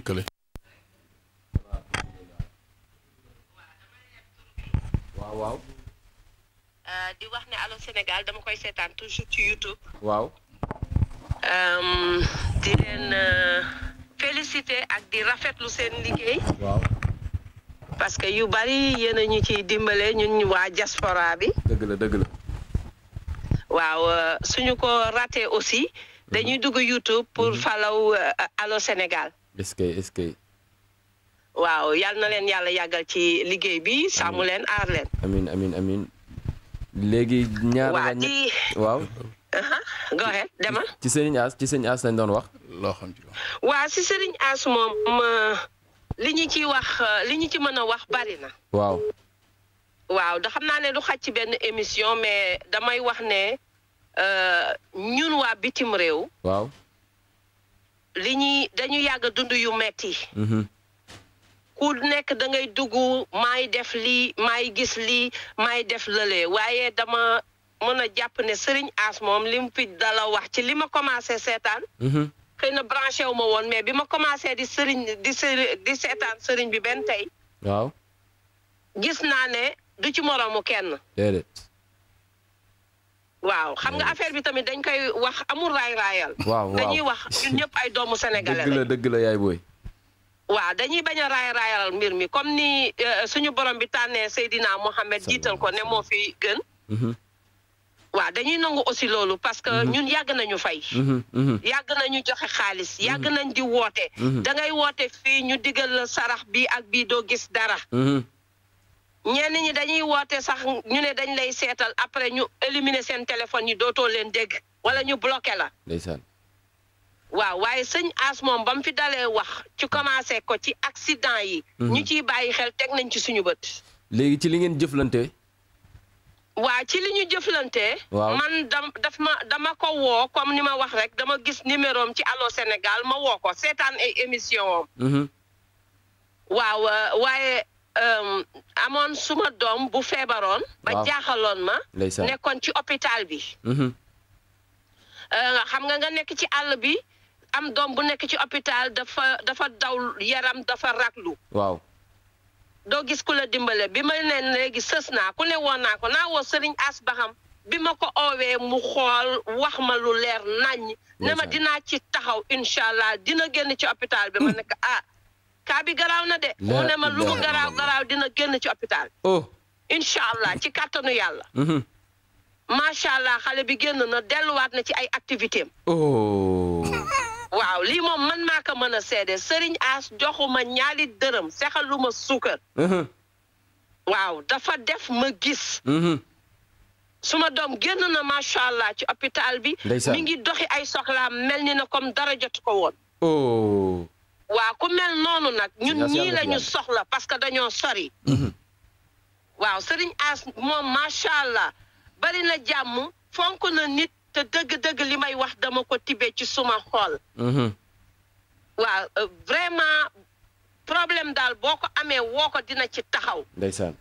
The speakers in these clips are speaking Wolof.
dóor waaw waaw euh, di wax ne Allô Sénégal dama koy seetaan toujours ci YouTube waaw euh, di leen euh, féliciter ak di rafetlu seen liggéey parce que yu bari yéen a ñu ciy dimbale ñun waa diaspora bi dëgg la dëgg la waaw suñu ko raté aussi dañuy mhm. dugg YouTube pour mhm. falaw Allô Sénégal est-ce waaw yal na leen yàlla yàggal ci liggéey bi sàmm leen aar leen. amiin amiin amiin léegi. ñaar la waaw. go demal. ci Serigne As ci Serigne As lañ doon wax. loo xam ci waaw si moom li ñu ci wax li ñu ci mën a wax bari na. waaw. waaw da xam naa ne du xaj ci benn émission mais damay wax ne euh, ñun waa bitim réew. waaw. li ñuy dañu yàgg dund yu metti mhm. ku nekk da ngay dugg maay def lii maay gis lii maay def lële waaye dama mën a jàpp ne Serigne As moom li mu fi dala wax ci li ma commencé seetaan mhm. xëy na branché wu ma woon mais bi ma commencé di sëriñ di di seetaan sëriñ bi benn tey waaw gis naa ne du ci moroomu kenn waaw xam nga affaire bi tamit dañ koy wax amul raay raayal. dañuy wax ñun ñëpp ay doomu sénégalais dëgg dëgg la yaay booy. waaw dañuy bañ a raay raayal mbir mi comme ni euh, suñu borom bi tànnee Seydina Mohamed jiital ko ne moo fi gën. Mhm. waaw dañuy nangu aussi loolu parce que mhm. ñun yàgg nañu fay mhm, yàgg nañu joxe xaalis yàgg nañ di woote da ngay woote fii ñu digal sarax bi ak bii doo gis dara ñenn ñi dañuy woote sax ñu ne dañ lay seetal après ñu éliminer seen téléphone yi dootoo leen dégg wala ñu bloqué la. waaw waaye sëñ As moom ba mu fi dalee wax ci commencé ko ci accident yi. Mhm. ñu ciy bàyyi xel teg nañ ci suñu bët. léegi ci li ngeen jëflante. waa ci li ñu jëflante. man dam daf ma dama ko woo comme ni ma wax rek dama gis numéro am ci Allô Sénégal ma woo ko seetaan ay émission mhm. waaw waaye Euh, amoon suma doom bu feebaroon. ba jaaxaloon ma. nekkoon ci hôpital bi. Mm-hmm. Euh, xam nga nga nekk ci àll bi am doom bu nekk ci hôpital dafa dafa daw yaram dafa raglu. waaw. doo gis ku la dimbale bi ma ne léegi sës naa ku ne woon naa ko naa woo Serigne As Baxam bi ma ko oowee mu xool wax ma lu leer naññ. ne ma dinaa ci taxaw incha allah dina génn ci hôpital bi ma nekk ah. kaa bi garaaw na de. moo ne ma lu mu garaaw garaaw dina génn ci hôpital. oh incha allah ci kàttanu yàlla. Mm-hmm. macha allah xale bi génn na delluwaat na ci ay activité oh. waaw lii moom mën maa ko mën a seede Serigne As joxuma ñaari dërëm sexaluma suukar. Mm-hmm. waaw dafa def ma gis. Mm-hmm. suma doom génn na macha allah ci hôpital bi. mi ngi doxi ay soxlaam mel ni na comme dara jotu ko woon. Oh. waaw ku mel noonu nag ñu ñii la ñu soxla parce que dañoo sori mhm. waaw sëriñ As moom macha allah bari na jàmm fonk na nit te dëgg-dëgg li may wax dama ko tibee ci suma xool mhm. waaw euh, vraiment problème daal boo ko amee woo ko dina ci taxaw ndeysaan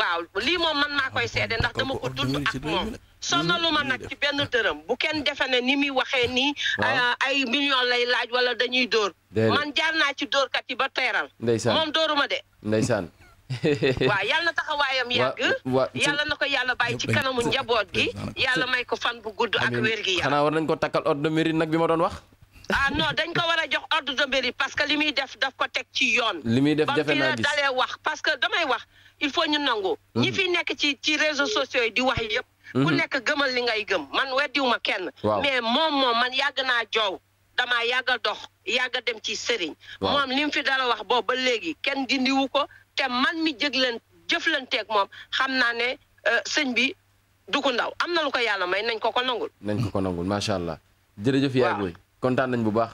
waaw lii moom mën maa koy seede ndax dama ko dund ak moom sonaluma nag ci benn dërëm bu kenn defe ne ni muy waxee nii. Ah. ay million lay laaj wala dañuy dóor. man jaar naa ci dóorkat yi ba teral ndeysaan moom dóoruma de. ndeysaan. waaw yàlla na taxawaayam yàgg. yàlla na ko yàlla bàyyi ci kanamu njaboot gi. yàlla may ko fan bu gudd ak wér gi yàlla. xanaa war nañ ko takkal ordre de mérite nag bi ma doon wax. ah non dañ ko war a jox ordre de mérite parce que li muy def daf ko teg ci yoon. li muy def jafe naa gis dalee wax parce que damay wax il faut ñu nangu. ñi fi nekk ci ci réseaux sociaux yi di wax yëpp. ku mhm. nekk gëmal li ngay gëm man weddiwuma kenn mais moom moom man yàgg naa joow damaa yàgg a dox yàgg a dem ci sëriñ moom li mu fi dara wax boobu ba léegi kenn dindiwu ko te man mi jëgleen jëflanteeg moom xam naa ne euh, sëñ bi du ndaw am na lu ko yàlla may nañ ko ko nangul nañ ko ko nangul macha allah jërëjëf yaay kontaan nañ bu baax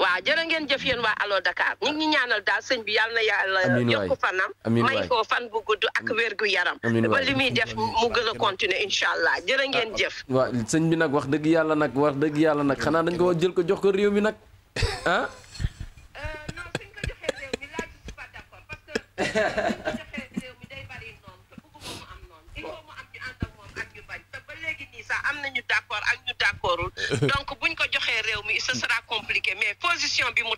waaw jërë ngeen jëf yéen waa Allo Dakar ñu ngi ñaanal daal sëñ bi yàlla na yàlla yokk fanam may ko fan bu gudd ak wér gu yaram ba li muy def mu gën a continuer incha allah jërë ngeen ah, jëf waaw sëñ bi nag wax dëgg yàlla nag wax dëgg yàlla nag xanaa dañ ko jël ko jox ko réew mi nag ah? euh, ñu d'accord ak ko joxee réew mi ce sera compliqué mu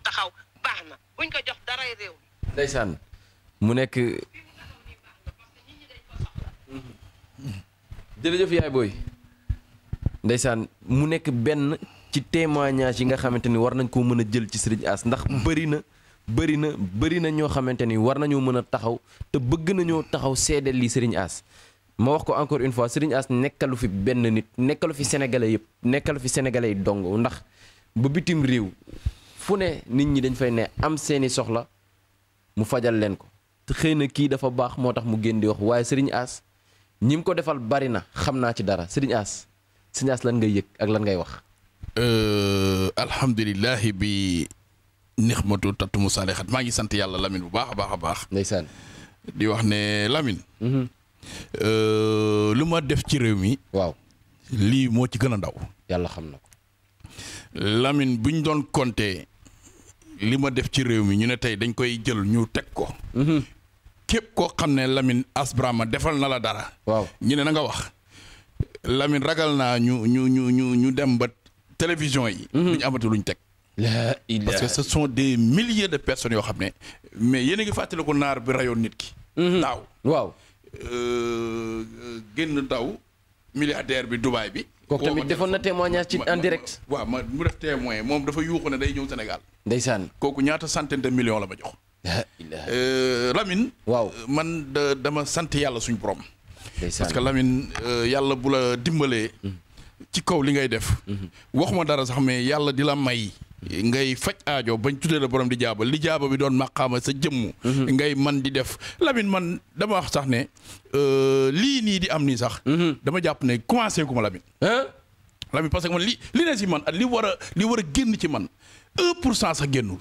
taxaw baax na buñ ko jox daray réew mi mu nekk jërëjëf yaay booy mu nekk benn ci témoignage yi nga xamante ni war nañ koo mën a jël ci Serigne As ndax bëri na bëri na bëri na ñoo xamante ni war nañoo mën a taxaw te bëgg nañoo taxaw seedeel li Serigne As ma wax ko encore une fois Serigne nekkalu fi benn nit nekkalu fi sénégalais yëpp nekkalu fi sénégalais yi dong ndax ba bitim réew fu ne nit ñi dañ fay ne am seeni soxla mu fajal leen ko te xëy na kii dafa baax moo tax mu génn di wax waaye Serigne As ñi mu ko defal bari na xam naa ci dara Serigne As Serigne ngay yëg ak lan ngay wax. Euh, alhamdulilahi bi nixmatu tattu mu saalixat maa ngi sant yàlla Lamine bu baax a baax a baax. ndeysaan di wax ne Lamine. Mhm. Euh, lu ma def ci réew mi. waaw lii moo ci gën a ndaw. yàlla xam na ko. Lamine doon compter li ma def ci réew mi ñu ne tey dañ koy jël ñu teg ko. Mhm. képp koo xam ne Lamine ma defal na la dara. waaw ñu ne na nga wax. lamin ragal naa ñu ñu ñu ñu ñu dem ba télévision yi. Mhm. duñ amatu luñ teg. parce que ce sont des milliers de personnes yoo xam ne. mais yéen a ngi fàttaliku naar bi rayoon nit ki. Mhm. waaw. Euh, génn daw milliardaire bi Dubaay bi. kooku tamit defoon na témoignage ci en direct. waaw ma mu def témoin moom dafa yuuxu ne day ñëw Sénégal. ndeysaan kooku ñaata centaine de millions la ma jox. Euh, Lamine. waaw euh, man da dama sant yàlla suñu borom. parce lamin yàlla bu la dimbalee. Mm. ci kaw li ngay def. Mm-hmm. waxuma dara sax mais yàlla di la may. ngay faj aajo bañ tuddee la borom di jaaba li jaaba bi doon màqaama sa jëmm mhm. ngay man di def Lamine man dama wax sax ne euh, lii nii di am nii sax mhm. dama jàpp ne commencé ku ma Lamine Lamine que man li li ne si man ak li war a li war a génn ci man pour cent sax génnul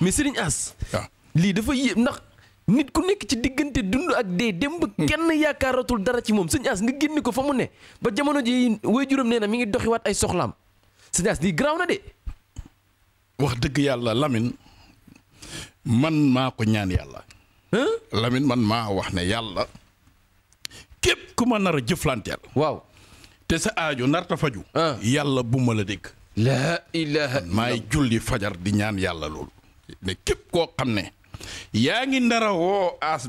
mais Serigne As waaw ah. lii dafa yéem ndax nit ku nekk ci diggante dund ak dee démb hmm. kenn yaakaaratul dara ci moom sëñ As nga génne ko fa mu ne ba jamono ji way juróom nee na mi ngi doxiwaat ay soxlaam sëñ As lii na de wax dëgg yàlla lamin man maa ko ñaan yàlla. lamin man maa wax ne yàlla képp ku ma nar a jëflanteel. waaw te sa aajo nar ta faju yàlla bu ma la dégg. laa ilaaha maay julli fajar di ñaan yàlla loolu. ne képp koo xam ne. yaa ngi ndara woo aas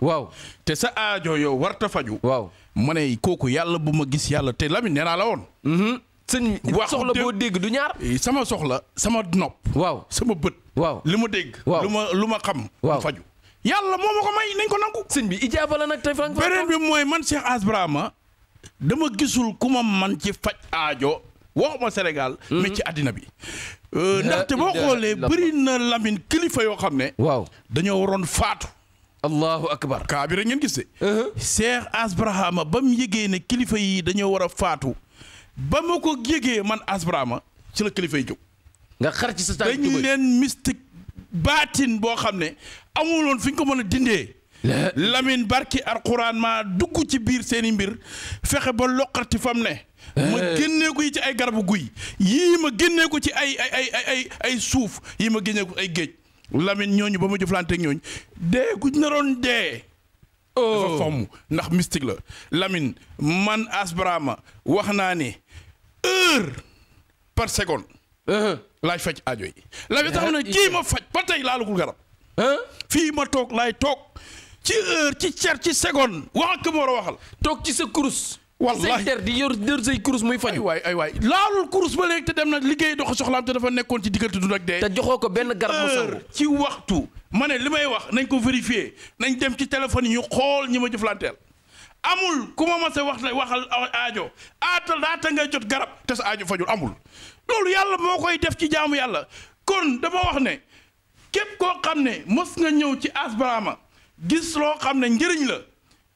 waaw te sa aajo yow warta faju waaw mu ne kooku yàlla bu ma gis yàlla te Lamine nee la woon. Mhm. sëñ soxla boo dégg du ñaar. Eh, sama soxla sama nopp. waaw sama bët. waaw li ma dégg. waaw lu ma lu ma xam. waaw faju yàlla moo ma ko may nañ ko nangu. sëñ bi ijaaba la nag tey frank beneen mooy man Cheikh Ass dama gisul ku ma man ci faj aajo waxuma Sénégal. Mhm. mais ci àddina bi. Euh, ndaxte boo xoolee bëri na Lamine kilifa yoo xam ne. waaw dañoo waroon faatu. allahu akbar kaa bi rek ngeen gis de. Uh-huh. Cheikh Ass ba mu yëgee ne kilifa yi dañoo war a faatu. ba ma ko yégee man asbrama ci la kilifa yi jóg. nga xar ci sa tànk dañ leen mystique baatin boo xam ne amuloon fi ñu ko mën a dindee. Lamine barki alxuraan maa dugg ci biir seeni mbir fexe ba loqati fam ne. ma génnee ko yi ci ay garabu guy yii ma génnee ko ci ay ay ay ay ay suuf yii ma génnee ko ay géej lamin ñooñu ba ma jëflante ñooñ ñooñu dee ku naroon dee. dafa oh. fomm ndax mystique la Lamine man asbrama wax naa ne heure par seconde. Uh-huh. laay faj aajo yi. la tax na uh-huh. kii ma faj ba tey laalugul garab. Uh-huh. fii ma toog laay toog ci heure ci cer ci seconde wax ak ma war a waxal. toog ci sa kurus. wallaay say di yor sa say kurus muy faju waay ay waay laalul kurus ba léegi te dem na liggéey dox soxlaam te dafa nekkoon ci diggante du nag dee. te joxoo ko benn garab mu ci waxtu. ma ne li may wax nañ ko vérifier nañ dem ci téléphone yi ñu xool ñi ma jëflanteel amul ku ma mase wax wax waxal aajo aatal laata ngay jot garab te sa aajo fajul amul loolu yàlla moo koy def ci jaamu yàlla kon dama wax ne képp koo xam ne mës nga ñëw ci asbarama gis loo xam ne njëriñ la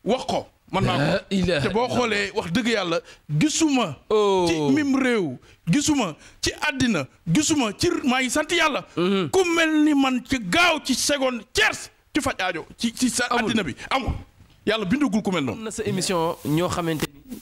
wax ko man naa ko te boo xoolee wax dëgg yàlla gisuma ci oh. mim réew gisuma ci àddina gisuma ci maa ngi sant yàlla mm-hmm. ku mel ni man ci gaaw ci seconde tierce ci faj aajo ci ci sa àddina bi amul yàlla bindugul ku mel noonu am na sa émission ñoo xamante ni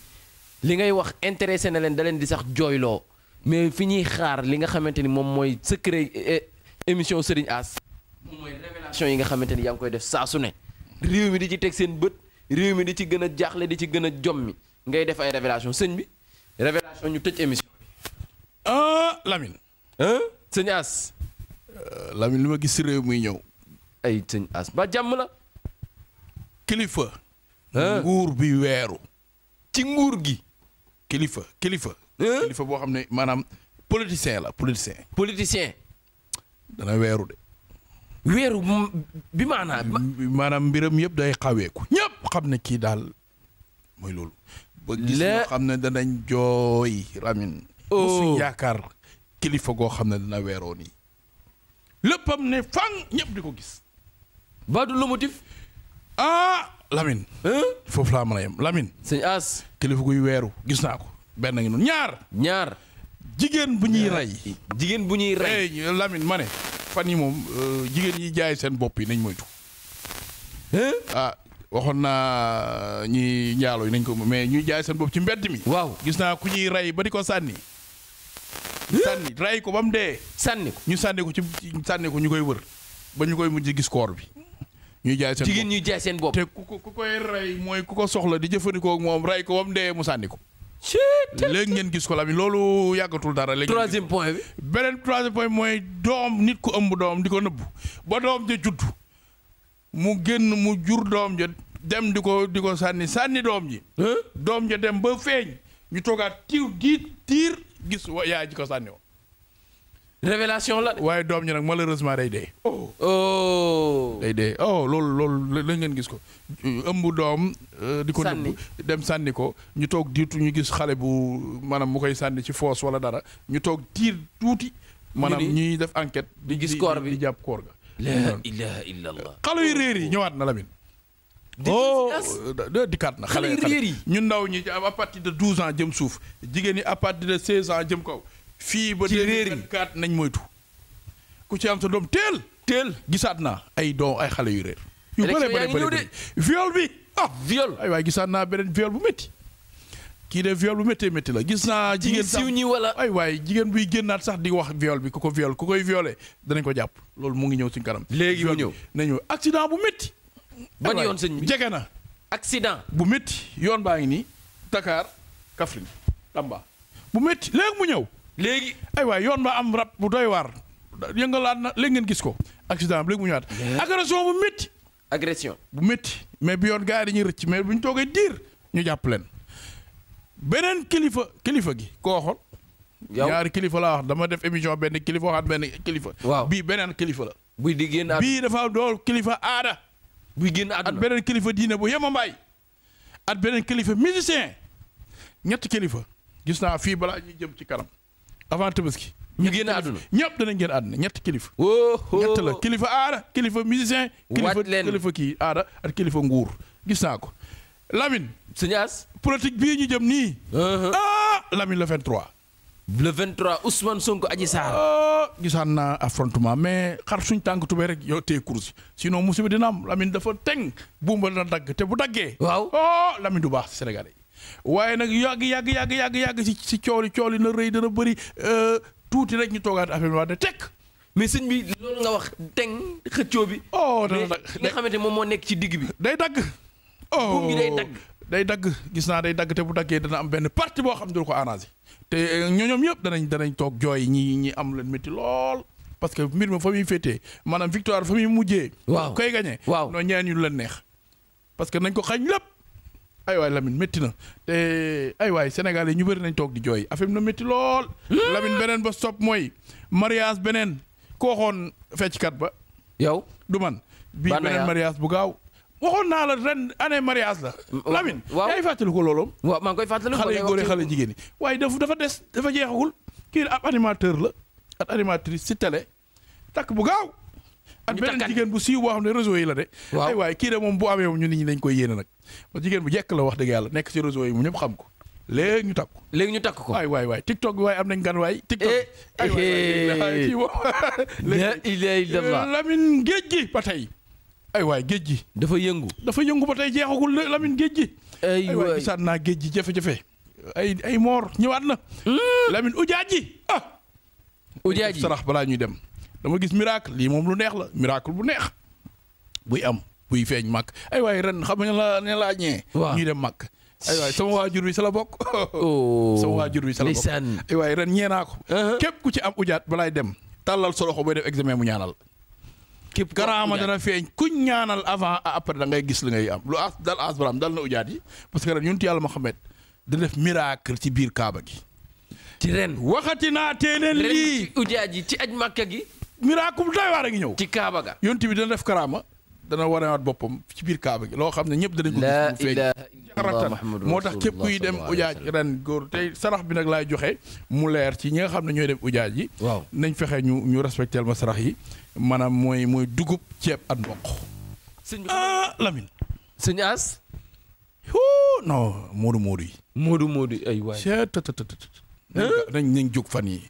li ngay wax intéressé na leen da leen di sax jooyloo mais fi ñuy xaar li nga xamante ni moom mooy secret eh, émission Serigne As moom mooy révélation yi nga xamante ni yaa ngi koy def saa su ne réew mi di ci teg seen bët réew mi di ci gën a jaaxle di ci gën a jommi ngay def ay révélation sëñ bi révélation ñu tëj émission bi ah Lamine sëñ As euh, Lamine li ma gis si réew muy ñëw ay sëñ As ba jàmm la kilifa nguur bi weeru ci nguur gi kilifa kilifa kilifa boo xam ne maanaam politicien la politicien politicien dana weeru de weeru bi maanaam maanaam mbiram yëpp day xaweeku ba xam ne kii daal mooy loolu. ba gis nga xam ne danañ jooy oh. yaakaar kilifa goo xam ne dana weeroo nii. léppam ne fang ñëpp di ko gis. ba du lomotif. foofu laa mën sëñ As. kilifa weeru gis naa ko benn ngi noonu ñaar. ñaar. jigéen bu ñuy rey. jigéen bu ñuy rey. Lamine ma ne. fan yi moom euh, jigéen yi jaay seen bopp yi nañ moytu. ah waxoon naa ñi njaaloo nañ ko mais ñuy jaay seen bopp ci mbedd mi. waaw gis naa ku ñuy rey ba di ko sànni. sànni rey ko ba mu dee. sànni ko ñu sànni ko ci sànni ko ñu koy wër ba ñu koy mujj gis koor bi. ñuy jaay seen bopp jigéen jaay seen bopp. te ku ko ku koy rey mooy ku ko soxla di jëfandikoo moom rey ko ba mu dee mu sànni ko. léegi ngeen gis ko la mi loolu yàggatul dara léegi troisième point beneen troisième point mooy doom nit ku ëmb doom di ko nëbbu ba doom ja juddu mu génn mu jur doom ja dem di ko di ko sànni sànni doom ji doom ja dem ba feeñ ñu toogaat tiw di tiir gis wa yaay ji ko sànni woon révélation la waaye doom ñi nag malheureusement day dee. oh. oh. day dee oh ngeen gis ko ëmb doom. Euh, di ko nëbb dem sànni ko. ñu toog diitu ñu gis xale bu maanaam mu koy sànni ci foos wala dara ñu toog tiir tuuti. maanaam ñuy def enquête. di gis koor bi di jàpp koor ga. la ilaha illa allah xale yu réer yi ñëwaat na Lamine. oh dikkaat na xale yi ñu ndaw ñi à partir de 12 ans jëm suuf jigéen ñi à partir de 16 ans jëm kaw. fii ba réer yi nañ moytu. ku ci am sa doom teel teel gisaat naa ay doom ay xale yu réer. yu bëree bëri bëri viol bi ah. viol ay waay gisaat naa beneen viol bu métti. kii de viol bu méttee métti la gis naa. jigéen sax siiw ñi wala. ay waay jigéen buy génnaat sax di wax viol bi ku ko viol ku koy violé danañ ko jàpp loolu mu ngi ñëw suñ kanam. léegi mu ñëw nañu accident bu métti. ban yoon sëñ bi jege na. accident bu métti yoon baa ngi nii. Dakar Kaffrine Tamba bu métti léegi mu ñëw. léegi ay waay yoon ba am rab bu doy waar yëngalaat na léegi ngeen gis ko accident bi léegi mu ñëwaat. agression bu métti. agression bu métti mais bi yoon gars yi dañuy rëcc mais bu ñu toogee diir ñu jàpp leen beneen kilifa kilifa gi koo xool. ñaari kilifa laa wax dama def émission benn kilifa waxaat benn waaw bii beneen kilifa la. di génn bii dafa dool kilifa aada. buy génn àdduna beneen kilifa diine bu yema mbaay at beneen kilifa musicien ñett kilifa gis naa fii balaa ñuy jëm ci kanam avant Tabaski. ñu génn àdduna ñëpp danañ génn ñett la kilifa aada kilifa musicien. kilifa kilifa aada ak kilifa nguur gis naa ko. Lamine. sëñ As. politique bii ñu jëm nii. Uh-huh. ah Lamine le 23. le 23 Ousmane Sonko Adji Sarr. Ah, gisaan na affrontement mais xar suñ tànk tubéy rek yow téye course sinon musiba dina am lamin dafa teng buumba na dagg te bu daggee. waaw oh Lamine du baax sénégal yi. waaye nag yàgg yàgg yàgg yàgg yàgg si si cooli cooli na rëy dana bëri euh, tuuti rek ñu toogaat affaire bi wax de tekk. mais sëñ bi loolu nga wax teng xëccoo bi. oh dana dagg li nga xamante moom moo nekk ci digg bi. day dagg. Oh. buum gi day dagg day dagg gis naa day dagg te bu daggee dana am benn parti boo xam ne du ko arrangé te eh, ñooñoom yëpp danañ danañ toog jooy ñi ñi am leen métti lool parce que mbir ma fa muy féetee maanaam victoire fa muy mujjee waaw koy gañee waaw noonu ñaan ñu leen neex parce que nañ ko xañ lépp ay waay Lamine métti na te ay waay Sénégal yi ñu bëri nañ toog di jooy affaire bi na métti lool hmm. Lamine beneen ba stop mooy mariage beneen koo xoon fecckat ba yow du man bii beneen mariage bu gaaw waxoon naa la ren année mariage la. Lamine. waaw yaay fàttali ko loolu. waaw maa koy fàttali ko xale jigéen yi waaye dafa des dafa jeexagul kii ab animateur la ak animatrice si télé takk bu gaaw. ak beneen jigéen bu siiw boo xam ne réseau yi la de. waaw ay waaye kii de moom bu amee moom ñu nit ñi dañ koy yéene nag jigéen bu jekk la wax dëgg yàlla nekk si réseau yi mu ñëpp xam ko léegi ñu takk ko léegi ñu takk ko waay waay waay TikTok bi waaye am nañ gan waay. Eh, TikTok eh, ay waay waay léegi eh. la Lamine géej ba tey ay waay géej gi. dafa yëngu. dafa yëngu ba tey jeexagul Lamine géej gi. ay waay gisaat naa géej gi jafe-jafe. ay ay moor ñëwaat na. Hmm. Lamine ujaaj ji ah. ujaaj ji ñuy dem. dama gis miracle lii moom lu neex la miracle bu neex. buy am buy feeñ màkk ay waay ren xam la ne laa ñee. waaw ay waay sama waajur bi sa la bokk. Oh. sama waajur bi sa la bokk. ay ren ñee naa uh-huh. ku ci am ujaat balaay dem. tàllal solo loxo booy def examen mu ñaanal. képp karaama dana feeñ kuñ ñaanal avant après da ngay gis la ngay am lu as dal asbraam dal na ujaat parce que ren yonent yàlla Muhammad da def miracle ci biir Kaaba gi. ci ren waxati naa leen lii ren ci ujaat yi ci aj Makka gi. miracle doy waar a ngi ñëw. ci Kaaba ga yonent bi dana def karaama. dana war a boppam ci biir kaaba gi loo xam ne ñëpp danañ ko gis feeñ moo tax képp kuy dem ujaaj ren góor sarax bi nag laay joxe mu leer ci ñi nga xam ne ñooy dem ujaaj yi waaw nañ fexe ñu ñu respecteel ma sarax yi maanaam mooy mooy dugub ceeb at mboq sëñ ah sëñ As non moodu moodu moodu moodu ay waay nañ nañ jóg fan yi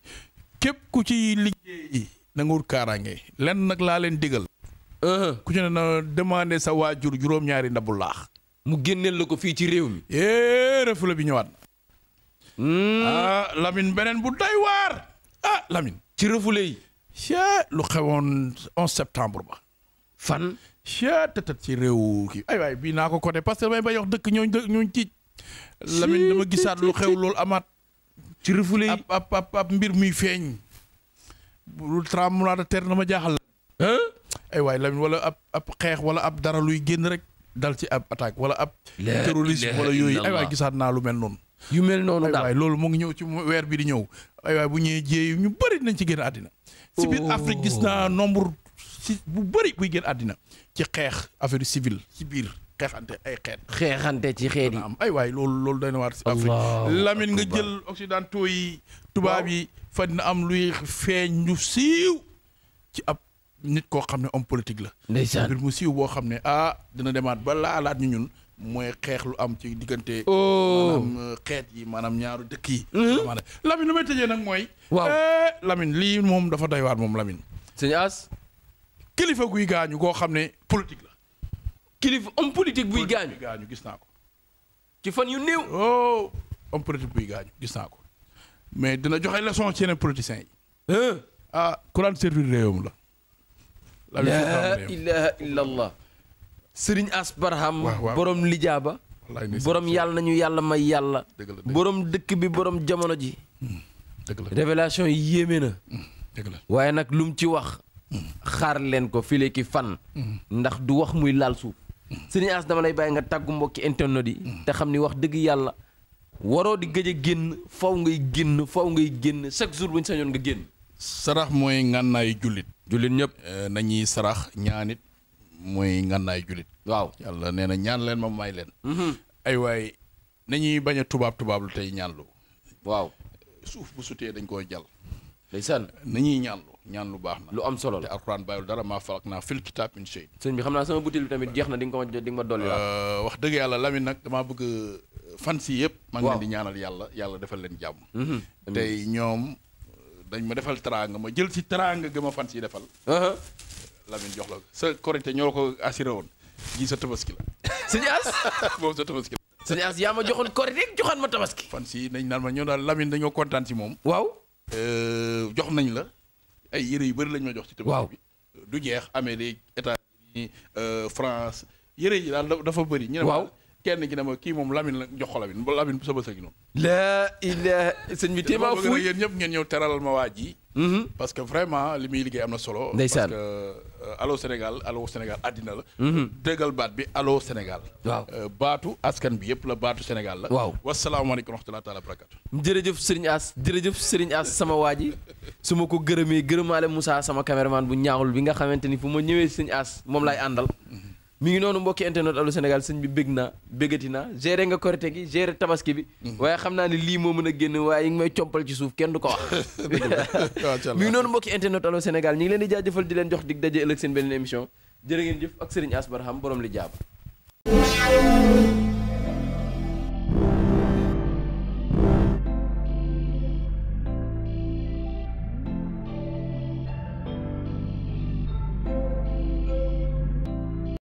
képp ku ci liggéey yi na wut kaaraange lenn nag laa leen digal Uh-huh. ku ci ne na demandé sa waajur juróom-ñaari ndabu laax. mu génneel la ko fii ci réew mi. yee refula bi ñëwaat. Hmm. ah Lamine beneen bu doy waar ah Lamine. ci refule yi. cee lu xewoon 11 septembre ba. fan. cee tëtët ci réew kii ay waay bii naa ko côté parce que damay bay wax dëkk ñooñu dë ñooñu ci. Lamine dama gisaat lu xew loolu amaat. ci refule yi ab ab ab mbir muy feeñ. lu tremblement de terre dama jaaxal. ay waay Lamine wala ab ab xeex wala ab dara luy génn rek dal ci ab attaque wala ab terrorisme wala yooyu ay waay gisaat naa lu mel noonu yu mel noonu daal waaye loolu moo ngi ñëw ci weer bi di ñëw ay waay bu ñëwee jéey ñu bari nañ ci génn àddina si biir Afrique gis naa oh. nombre si bu bari buy génn àddina ci xeex affaire civile ci biir xeexante ay xeet xeexante ci xeet yi am ay waay loolu loolu day na waar si Afrique Lamine nga jël occidentaux yi tubaab yi fa dina am luy feeñ ñu siiw nit koo xam ne om politique la. ndeysaan mbir mu siiw boo xam ne ah dina demaat ba laalaat ñu ñun. mooy xeex lu am ci diggante. Oh. maanaam euh, xeet yi maanaam ñaaru dëkk yi. Mm-hmm. lamin lu may tëjee nag mooy. waaw eh, Lamine lii moom dafa doy moom lamin sëñ kilifa guy gaañu goo xam ne politique la. kilifa om politique buy gaañu gaañu gis naa ko. ci fan yu néew. oh homme politique buy gaañu gis naa ko mais dina joxe leçon ci yeneen politiciens yi. ah ku daan servir réewam la. laa ilaha illa allah sëriñ as barham lijaa ba borom yàlla nañu yàlla may yàlla borom dëkk bi borom jamono ji hmm. révélation yi yéeme na hmm. waaye nag lu mu ci wax hmm. xaar leen ko file ki fan ndax du wax muy laal suuf sëriñ as dama lay bàyyi nga tàggu mbokki internet yi te xam ni wax dëgg yàlla waroo di gëj a génn faw ngay génn faw ngay génn chaque jour bu ñu sañoon nga génn sarax mooy ngànnaayu jullit jullit ñëpp eh, nañuy sarax ñaanit mooy ngànnaay jullit waaw yàlla nee na ñaan leen ma may leen mm-hmm. ay waay nañuy bañ a tubaab tubaab lu tey ñaanlu waaw suuf bu sutee dañ koo jal ndeysaan nañuy ñaanlu ñaan lu baax na lu am solo la te alxuraan bàyyul dara maa falak naa fil kitaab min shay sëñ bi xam naa sama butéel bi tamit jeex na di nga ko di nga ma dolli la eh, wax dëgg yàlla Lamine nag damaa bëgg fan si yëpp maa ngi di ñaanal yàlla yàlla defal leen jàmm mm-hmm. tey ñoom dañ ma defal teraanga ma jël si teraanga ga ma fan si defal. Uh-huh. Lamine jox la sa korité ñoo ko assuré woon gii sa tabaski la. sëñ As moom sa tabaski la. sëñ As yaa ma joxoon korité joxoon ma tabaski. fan si dañ naan ma ñoo daal Lamine dañoo kontaan si moom. waaw. Euh, jox nañ la ay yére yu bëri lañ ma jox. ci tabaski bi euh, du jeex Amérique États-Unis euh, France yére yi daal dafa bëri. ñu ne waaw. kenn ki ne ma kii moom Lamine la jox ko Lamine ba Lamine sa bës a gi noonu. laa sëñ bi téemaa fuuy yéen ñëpp ngeen ñëw teralal ma waa ji. Mm-hmm. parce que vraiment li muy liggéey am na solo. ndeysaan parce que euh, allo Sénégal allo àddina la. Mm-hmm. dëggal baat bi allo Sénégal. waaw euh, baatu askan bi yëpp la baatu Sénégal la. waaw wasalaamaaleykum wa rahmatulah taala barakaatu. jërëjëf Serigne As jërëjëf sëriñ As sama waa ji su ma ko gërëmee gërëmaale Moussa sama caméraman bu ñaawul bi nga xamante ni fu ma ñëwee Serigne As moom laay àndal. Mm-hmm. mi ngi noonu mbokki internet Allô senegal sëñ bi bég naa bégati naa géré nga korité gi géré tabaski bi mhm. waaye xam naa ni lii moo mën a génn waaye yi ngi may compal ci suuf kenn du ko wax mi ngi noonu mbokki internet Allô senegal ñi ngi leen di jëfal di leen jox dig daje ëllëg seen beneen émission jërë ngeen jëf ak sëriñ As Barham borom li jaab